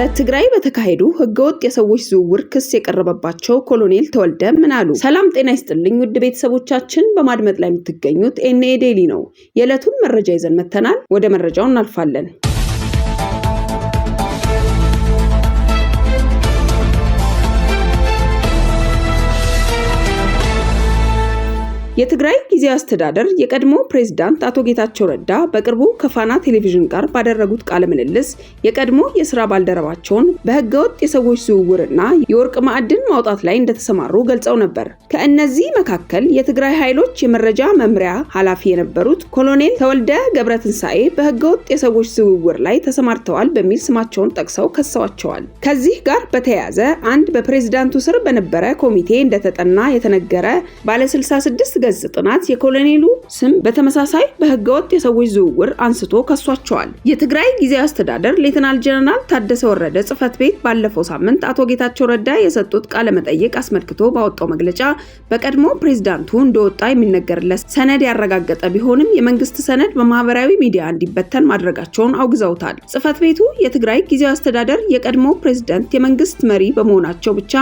በትግራይ በተካሄዱ ህገወጥ የሰዎች ዝውውር ክስ የቀረበባቸው ኮሎኔል ተወልደ ምን አሉ? ሰላም ጤና ይስጥልኝ ውድ ቤተሰቦቻችን፣ በማድመጥ ላይ የምትገኙት ኤንኤ ዴሊ ነው። የዕለቱን መረጃ ይዘን መተናል። ወደ መረጃው እናልፋለን። የትግራይ ጊዜ አስተዳደር የቀድሞ ፕሬዝዳንት አቶ ጌታቸው ረዳ በቅርቡ ከፋና ቴሌቪዥን ጋር ባደረጉት ቃለ ምልልስ የቀድሞ የስራ ባልደረባቸውን በህገወጥ የሰዎች ዝውውርና የወርቅ ማዕድን ማውጣት ላይ እንደተሰማሩ ገልጸው ነበር። ከእነዚህ መካከል የትግራይ ኃይሎች የመረጃ መምሪያ ኃላፊ የነበሩት ኮሎኔል ተወልደ ገብረትንሳኤ ትንሳኤ በህገወጥ የሰዎች ዝውውር ላይ ተሰማርተዋል በሚል ስማቸውን ጠቅሰው ከሰዋቸዋል። ከዚህ ጋር በተያያዘ አንድ በፕሬዝዳንቱ ስር በነበረ ኮሚቴ እንደተጠና የተነገረ ባለ 66 በሚገልጽ ጥናት የኮሎኔሉ ስም በተመሳሳይ በህገወጥ የሰዎች ዝውውር አንስቶ ከሷቸዋል። የትግራይ ጊዜያዊ አስተዳደር ሌተናል ጀነራል ታደሰ ወረደ ጽህፈት ቤት ባለፈው ሳምንት አቶ ጌታቸው ረዳ የሰጡት ቃለ መጠይቅ አስመልክቶ ባወጣው መግለጫ በቀድሞ ፕሬዝዳንቱ እንደወጣ የሚነገርለት ሰነድ ያረጋገጠ ቢሆንም የመንግስት ሰነድ በማህበራዊ ሚዲያ እንዲበተን ማድረጋቸውን አውግዘውታል። ጽህፈት ቤቱ የትግራይ ጊዜያዊ አስተዳደር የቀድሞ ፕሬዝዳንት የመንግስት መሪ በመሆናቸው ብቻ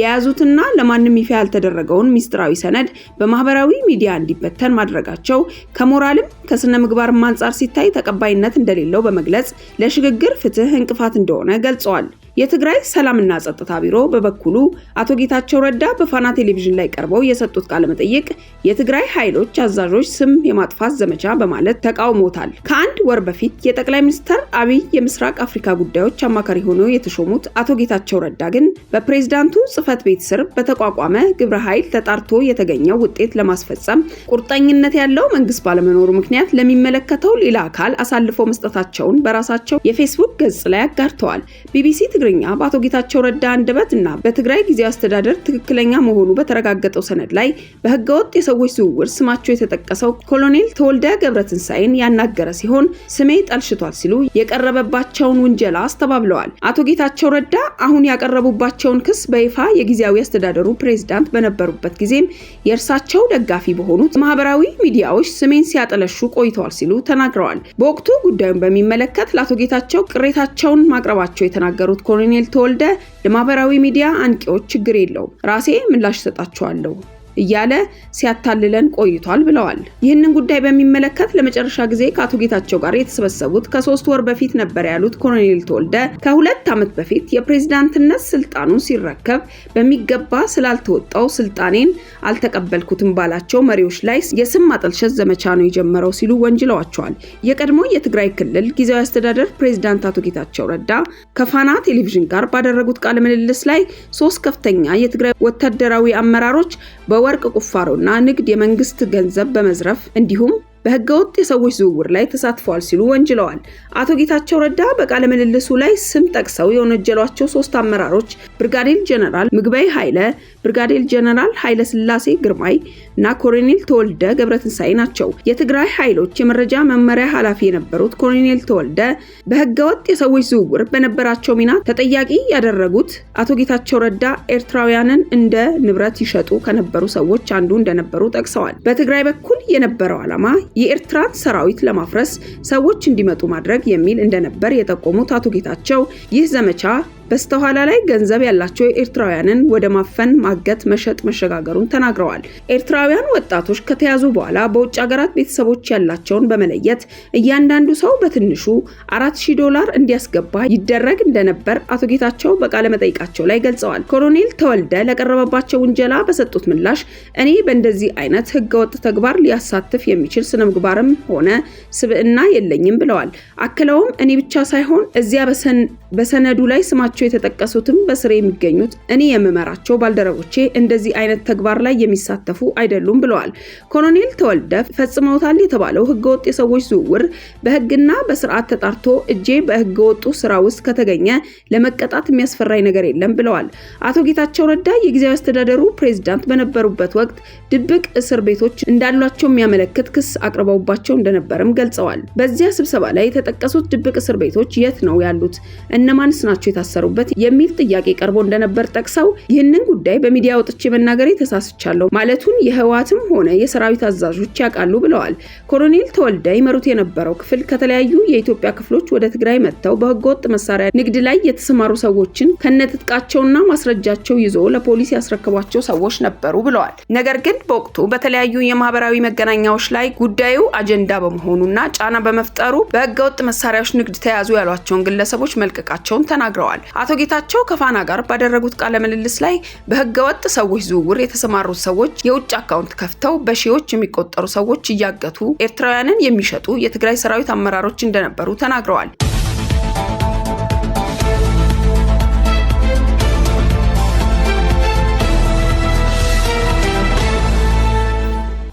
የያዙትና ለማንም ይፋ ያልተደረገውን ሚስጥራዊ ሰነድ በማህበራዊ ሚዲያ እንዲበተን ማድረጋቸው ከሞራልም ከስነ ምግባርም አንጻር ሲታይ ተቀባይነት እንደሌለው በመግለጽ ለሽግግር ፍትህ እንቅፋት እንደሆነ ገልጸዋል። የትግራይ ሰላምና ጸጥታ ቢሮ በበኩሉ አቶ ጌታቸው ረዳ በፋና ቴሌቪዥን ላይ ቀርበው የሰጡት ቃለመጠይቅ የትግራይ ኃይሎች አዛዦች ስም የማጥፋት ዘመቻ በማለት ተቃውሞታል። ከአንድ ወር በፊት የጠቅላይ ሚኒስትር አብይ የምስራቅ አፍሪካ ጉዳዮች አማካሪ ሆነው የተሾሙት አቶ ጌታቸው ረዳ ግን በፕሬዝዳንቱ ጽህፈት ቤት ስር በተቋቋመ ግብረ ኃይል ተጣርቶ የተገኘው ውጤት ለማስፈጸም ቁርጠኝነት ያለው መንግስት ባለመኖሩ ምክንያት ለሚመለከተው ሌላ አካል አሳልፈው መስጠታቸውን በራሳቸው የፌስቡክ ገጽ ላይ አጋርተዋል። ቢቢሲ ትግርኛ በአቶ ጌታቸው ረዳ አንደበት እና በትግራይ ጊዜ አስተዳደር ትክክለኛ መሆኑ በተረጋገጠው ሰነድ ላይ በህገወጥ የሰዎች ዝውውር ስማቸው የተጠቀሰው ኮሎኔል ተወልደ ገብረትንሳይን ያናገረ ሲሆን ስሜ ጠልሽቷል ሲሉ የቀረበባቸውን ውንጀላ አስተባብለዋል። አቶ ጌታቸው ረዳ አሁን ያቀረቡባቸውን ክስ በይፋ የጊዜያዊ አስተዳደሩ ፕሬዝዳንት በነበሩበት ጊዜም የእርሳቸው ደጋፊ በሆኑት ማህበራዊ ሚዲያዎች ስሜን ሲያጠለሹ ቆይተዋል ሲሉ ተናግረዋል። በወቅቱ ጉዳዩን በሚመለከት ለአቶ ጌታቸው ቅሬታቸውን ማቅረባቸው የተናገሩት ኮሎኔል ተወልደ ለማህበራዊ ሚዲያ አንቂዎች ችግር የለውም ራሴ ምላሽ ሰጣቸዋለሁ። እያለ ሲያታልለን ቆይቷል ብለዋል። ይህንን ጉዳይ በሚመለከት ለመጨረሻ ጊዜ ከአቶ ጌታቸው ጋር የተሰበሰቡት ከሶስት ወር በፊት ነበር ያሉት ኮሎኔል ተወልደ ከሁለት ዓመት በፊት የፕሬዝዳንትነት ስልጣኑን ሲረከብ በሚገባ ስላልተወጣው ስልጣኔን አልተቀበልኩትም ባላቸው መሪዎች ላይ የስም ማጠልሸት ዘመቻ ነው የጀመረው ሲሉ ወንጅለዋቸዋል። የቀድሞ የትግራይ ክልል ጊዜያዊ አስተዳደር ፕሬዝዳንት አቶ ጌታቸው ረዳ ከፋና ቴሌቪዥን ጋር ባደረጉት ቃለ ምልልስ ላይ ሶስት ከፍተኛ የትግራይ ወታደራዊ አመራሮች በ ወርቅ ቁፋሮና ንግድ የመንግስት ገንዘብ በመዝረፍ እንዲሁም በህገወጥ የሰዎች ዝውውር ላይ ተሳትፈዋል ሲሉ ወንጅለዋል። አቶ ጌታቸው ረዳ በቃለ ምልልሱ ላይ ስም ጠቅሰው የወነጀሏቸው ሶስት አመራሮች ብርጋዴር ጀነራል ምግበይ ኃይለ፣ ብርጋዴር ጀነራል ኃይለ ስላሴ ግርማይ እና ኮሎኔል ተወልደ ገብረትንሳኤ ናቸው። የትግራይ ኃይሎች የመረጃ መመሪያ ኃላፊ የነበሩት ኮሎኔል ተወልደ በህገወጥ የሰዎች ዝውውር በነበራቸው ሚና ተጠያቂ ያደረጉት አቶ ጌታቸው ረዳ ኤርትራውያንን እንደ ንብረት ይሸጡ ከነበሩ ሰዎች አንዱ እንደነበሩ ጠቅሰዋል። በትግራይ በኩል የነበረው ዓላማ የኤርትራን ሰራዊት ለማፍረስ ሰዎች እንዲመጡ ማድረግ የሚል እንደነበር የጠቆሙት አቶ ጌታቸው ይህ ዘመቻ በስተኋላ ላይ ገንዘብ ያላቸው ኤርትራውያንን ወደ ማፈን፣ ማገት፣ መሸጥ መሸጋገሩን ተናግረዋል። ኤርትራውያን ወጣቶች ከተያዙ በኋላ በውጭ ሀገራት ቤተሰቦች ያላቸውን በመለየት እያንዳንዱ ሰው በትንሹ አራት ዶላር እንዲያስገባ ይደረግ እንደነበር አቶ ጌታቸው በቃለ መጠይቃቸው ላይ ገልጸዋል። ኮሎኔል ተወልደ ለቀረበባቸው ውንጀላ በሰጡት ምላሽ እኔ በእንደዚህ አይነት ህገወጥ ተግባር ሊያሳትፍ የሚችል ስነምግባርም ሆነ ስብዕና የለኝም ብለዋል። አክለውም እኔ ብቻ ሳይሆን እዚያ በሰነዱ ላይ ስማቸው በስማቸው የተጠቀሱትም በስር የሚገኙት እኔ የምመራቸው ባልደረቦቼ እንደዚህ አይነት ተግባር ላይ የሚሳተፉ አይደሉም ብለዋል። ኮሎኔል ተወልደ ፈጽመውታል የተባለው ህገወጥ የሰዎች ዝውውር በህግና በስርዓት ተጣርቶ እጄ በህገወጡ ስራ ውስጥ ከተገኘ ለመቀጣት የሚያስፈራኝ ነገር የለም ብለዋል። አቶ ጌታቸው ረዳ የጊዜያዊ አስተዳደሩ ፕሬዝዳንት በነበሩበት ወቅት ድብቅ እስር ቤቶች እንዳሏቸው የሚያመለክት ክስ አቅርበውባቸው እንደነበርም ገልጸዋል። በዚያ ስብሰባ ላይ የተጠቀሱት ድብቅ እስር ቤቶች የት ነው ያሉት? እነማንስ ናቸው የታሰሩ የሚሰሩበት የሚል ጥያቄ ቀርቦ እንደነበር ጠቅሰው ይህንን ጉዳይ በሚዲያ ወጥቼ መናገሬ ተሳስቻለሁ ማለቱን የህወሓትም ሆነ የሰራዊት አዛዦች ያውቃሉ ብለዋል። ኮሎኔል ተወልደ ይመሩት የነበረው ክፍል ከተለያዩ የኢትዮጵያ ክፍሎች ወደ ትግራይ መጥተው በህገወጥ መሳሪያ ንግድ ላይ የተሰማሩ ሰዎችን ከነትጥቃቸውና ማስረጃቸው ይዞ ለፖሊስ ያስረከቧቸው ሰዎች ነበሩ ብለዋል። ነገር ግን በወቅቱ በተለያዩ የማህበራዊ መገናኛዎች ላይ ጉዳዩ አጀንዳ በመሆኑና ጫና በመፍጠሩ በህገወጥ መሳሪያዎች ንግድ ተያዙ ያሏቸውን ግለሰቦች መልቀቃቸውን ተናግረዋል። አቶ ጌታቸው ከፋና ጋር ባደረጉት ቃለ ምልልስ ላይ በህገወጥ ሰዎች ዝውውር የተሰማሩት ሰዎች የውጭ አካውንት ከፍተው በሺዎች የሚቆጠሩ ሰዎች እያገቱ ኤርትራውያንን የሚሸጡ የትግራይ ሰራዊት አመራሮች እንደነበሩ ተናግረዋል።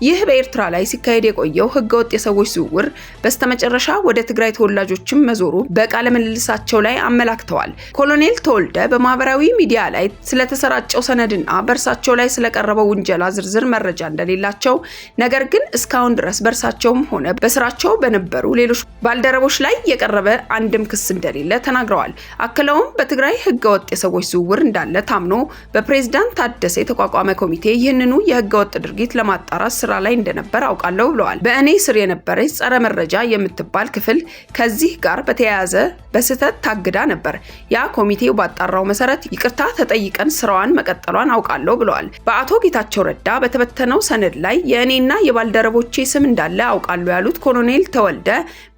ይህ በኤርትራ ላይ ሲካሄድ የቆየው ህገወጥ የሰዎች ዝውውር በስተመጨረሻ ወደ ትግራይ ተወላጆችም መዞሩ በቃለ ምልልሳቸው ላይ አመላክተዋል። ኮሎኔል ተወልደ በማህበራዊ ሚዲያ ላይ ስለተሰራጨው ሰነድና በእርሳቸው ላይ ስለቀረበው ውንጀላ ዝርዝር መረጃ እንደሌላቸው፣ ነገር ግን እስካሁን ድረስ በእርሳቸውም ሆነ በስራቸው በነበሩ ሌሎች ባልደረቦች ላይ የቀረበ አንድም ክስ እንደሌለ ተናግረዋል። አክለውም በትግራይ ህገወጥ የሰዎች ዝውውር እንዳለ ታምኖ በፕሬዝዳንት ታደሰ የተቋቋመ ኮሚቴ ይህንኑ የህገወጥ ድርጊት ለማጣራት ስራ ላይ እንደነበር አውቃለሁ ብለዋል። በእኔ ስር የነበረች ጸረ መረጃ የምትባል ክፍል ከዚህ ጋር በተያያዘ በስህተት ታግዳ ነበር። ያ ኮሚቴው ባጣራው መሰረት ይቅርታ ተጠይቀን ስራዋን መቀጠሏን አውቃለሁ ብለዋል። በአቶ ጌታቸው ረዳ በተበተነው ሰነድ ላይ የእኔና የባልደረቦቼ ስም እንዳለ አውቃለሁ ያሉት ኮሎኔል ተወልደ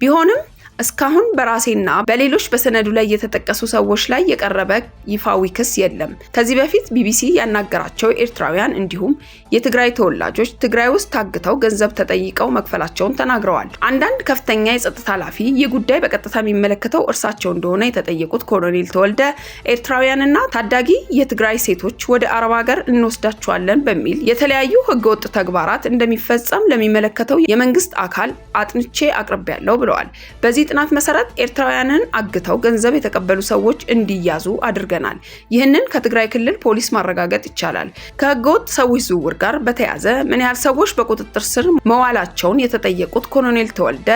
ቢሆንም እስካሁን በራሴና በሌሎች በሰነዱ ላይ የተጠቀሱ ሰዎች ላይ የቀረበ ይፋዊ ክስ የለም። ከዚህ በፊት ቢቢሲ ያናገራቸው ኤርትራውያን እንዲሁም የትግራይ ተወላጆች ትግራይ ውስጥ ታግተው ገንዘብ ተጠይቀው መክፈላቸውን ተናግረዋል። አንዳንድ ከፍተኛ የጸጥታ ኃላፊ ይህ ጉዳይ በቀጥታ የሚመለከተው እርሳቸው እንደሆነ የተጠየቁት ኮሎኔል ተወልደ ኤርትራውያንና ታዳጊ የትግራይ ሴቶች ወደ አረብ ሀገር እንወስዳቸዋለን በሚል የተለያዩ ህገወጥ ተግባራት እንደሚፈጸም ለሚመለከተው የመንግስት አካል አጥንቼ አቅርቤያለሁ ብለዋል። በዚህ በዚህ ጥናት መሰረት ኤርትራውያንን አግተው ገንዘብ የተቀበሉ ሰዎች እንዲያዙ አድርገናል። ይህንን ከትግራይ ክልል ፖሊስ ማረጋገጥ ይቻላል። ከህገወጥ ሰዎች ዝውውር ጋር በተያያዘ ምን ያህል ሰዎች በቁጥጥር ስር መዋላቸውን የተጠየቁት ኮሎኔል ተወልደ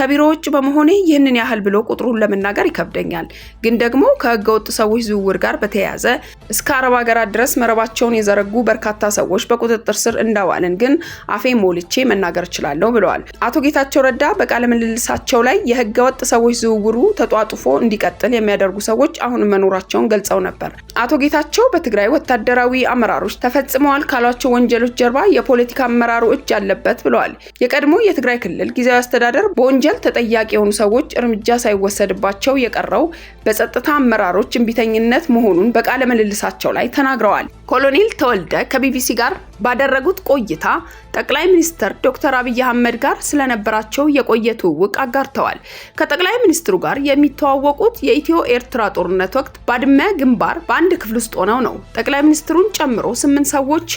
ከቢሮ ውጭ በመሆኔ ይህንን ያህል ብሎ ቁጥሩን ለመናገር ይከብደኛል። ግን ደግሞ ከህገወጥ ሰዎች ዝውውር ጋር በተያያዘ እስከ አረብ ሀገራት ድረስ መረባቸውን የዘረጉ በርካታ ሰዎች በቁጥጥር ስር እንዳዋልን ግን አፌ ሞልቼ መናገር እችላለሁ ብለዋል። አቶ ጌታቸው ረዳ በቃለ ምልልሳቸው ላይ የህግ ህገወጥ ሰዎች ዝውውሩ ተጧጡፎ እንዲቀጥል የሚያደርጉ ሰዎች አሁን መኖራቸውን ገልጸው ነበር። አቶ ጌታቸው በትግራይ ወታደራዊ አመራሮች ተፈጽመዋል ካሏቸው ወንጀሎች ጀርባ የፖለቲካ አመራሩ እጅ አለበት ብለዋል። የቀድሞ የትግራይ ክልል ጊዜያዊ አስተዳደር በወንጀል ተጠያቂ የሆኑ ሰዎች እርምጃ ሳይወሰድባቸው የቀረው በጸጥታ አመራሮች እምቢተኝነት መሆኑን በቃለ ምልልሳቸው ላይ ተናግረዋል። ኮሎኔል ተወልደ ከቢቢሲ ጋር ባደረጉት ቆይታ ጠቅላይ ሚኒስትር ዶክተር አብይ አህመድ ጋር ስለነበራቸው የቆየ ትውውቅ አጋርተዋል። ከጠቅላይ ሚኒስትሩ ጋር የሚተዋወቁት የኢትዮ ኤርትራ ጦርነት ወቅት ባድመ ግንባር በአንድ ክፍል ውስጥ ሆነው ነው። ጠቅላይ ሚኒስትሩን ጨምሮ ስምንት ሰዎች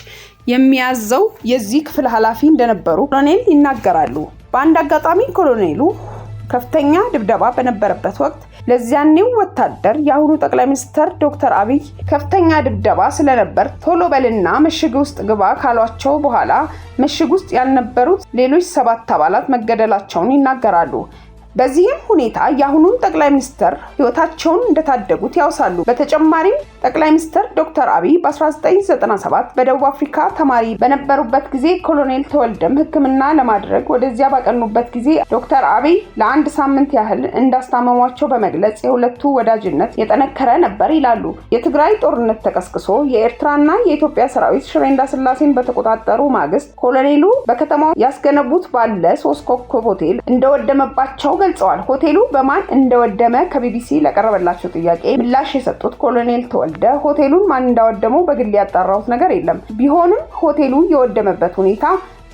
የሚያዘው የዚህ ክፍል ኃላፊ እንደነበሩ ኮሎኔል ይናገራሉ። በአንድ አጋጣሚ ኮሎኔሉ ከፍተኛ ድብደባ በነበረበት ወቅት ለዚያኔው ወታደር የአሁኑ ጠቅላይ ሚኒስትር ዶክተር አብይ ከፍተኛ ድብደባ ስለነበር ቶሎ በልና ምሽግ ውስጥ ግባ ካሏቸው በኋላ ምሽግ ውስጥ ያልነበሩት ሌሎች ሰባት አባላት መገደላቸውን ይናገራሉ። በዚህም ሁኔታ የአሁኑን ጠቅላይ ሚኒስተር ህይወታቸውን እንደታደጉት ያውሳሉ። በተጨማሪም ጠቅላይ ሚኒስትር ዶክተር አብይ በ1997 በደቡብ አፍሪካ ተማሪ በነበሩበት ጊዜ ኮሎኔል ተወልደም ሕክምና ለማድረግ ወደዚያ ባቀኑበት ጊዜ ዶክተር አብይ ለአንድ ሳምንት ያህል እንዳስታመሟቸው በመግለጽ የሁለቱ ወዳጅነት የጠነከረ ነበር ይላሉ። የትግራይ ጦርነት ተቀስቅሶ የኤርትራና የኢትዮጵያ ሰራዊት ሽሬ እንዳስላሴን በተቆጣጠሩ ማግስት ኮሎኔሉ በከተማው ያስገነቡት ባለ ሶስት ኮከብ ሆቴል እንደወደመባቸው ገልጸዋል። ሆቴሉ በማን እንደወደመ ከቢቢሲ ለቀረበላቸው ጥያቄ ምላሽ የሰጡት ኮሎኔል ተወልደ ሆቴሉን ማን እንዳወደመው በግል ያጣራሁት ነገር የለም። ቢሆንም ሆቴሉ የወደመበት ሁኔታ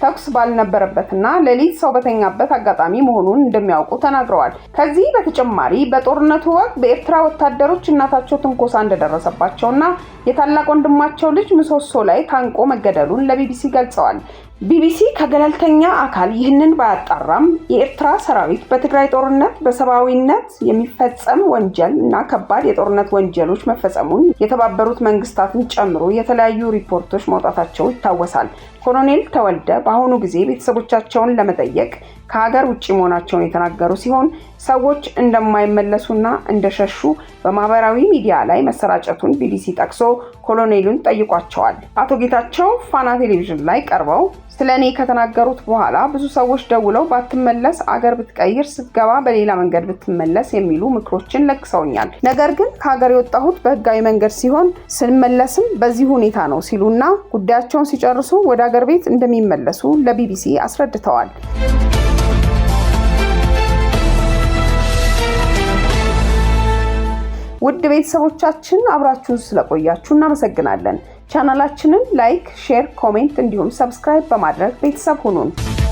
ተኩስ ባልነበረበትና ሌሊት ሰው በተኛበት አጋጣሚ መሆኑን እንደሚያውቁ ተናግረዋል። ከዚህ በተጨማሪ በጦርነቱ ወቅት በኤርትራ ወታደሮች እናታቸው ትንኮሳ እንደደረሰባቸውና የታላቅ ወንድማቸው ልጅ ምሰሶ ላይ ታንቆ መገደሉን ለቢቢሲ ገልጸዋል። ቢቢሲ ከገለልተኛ አካል ይህንን ባያጣራም የኤርትራ ሰራዊት በትግራይ ጦርነት በሰብአዊነት የሚፈጸም ወንጀል እና ከባድ የጦርነት ወንጀሎች መፈጸሙን የተባበሩት መንግስታትን ጨምሮ የተለያዩ ሪፖርቶች መውጣታቸው ይታወሳል። ኮሎኔል ተወልደ በአሁኑ ጊዜ ቤተሰቦቻቸውን ለመጠየቅ ከሀገር ውጭ መሆናቸውን የተናገሩ ሲሆን ሰዎች እንደማይመለሱና እንደሸሹ በማህበራዊ ሚዲያ ላይ መሰራጨቱን ቢቢሲ ጠቅሶ ኮሎኔሉን ጠይቋቸዋል። አቶ ጌታቸው ፋና ቴሌቪዥን ላይ ቀርበው ስለ እኔ ከተናገሩት በኋላ ብዙ ሰዎች ደውለው ባትመለስ አገር ብትቀይር ስትገባ በሌላ መንገድ ብትመለስ የሚሉ ምክሮችን ለግሰውኛል። ነገር ግን ከሀገር የወጣሁት በህጋዊ መንገድ ሲሆን ስንመለስም በዚህ ሁኔታ ነው ሲሉና ጉዳያቸውን ሲጨርሱ ወደ አገር ቤት እንደሚመለሱ ለቢቢሲ አስረድተዋል። ውድ ቤተሰቦቻችን አብራችሁን ስለቆያችሁ እናመሰግናለን። channel అచ్చును like share comment and subscribe బమాడ్రగ్ పెట్ సబ్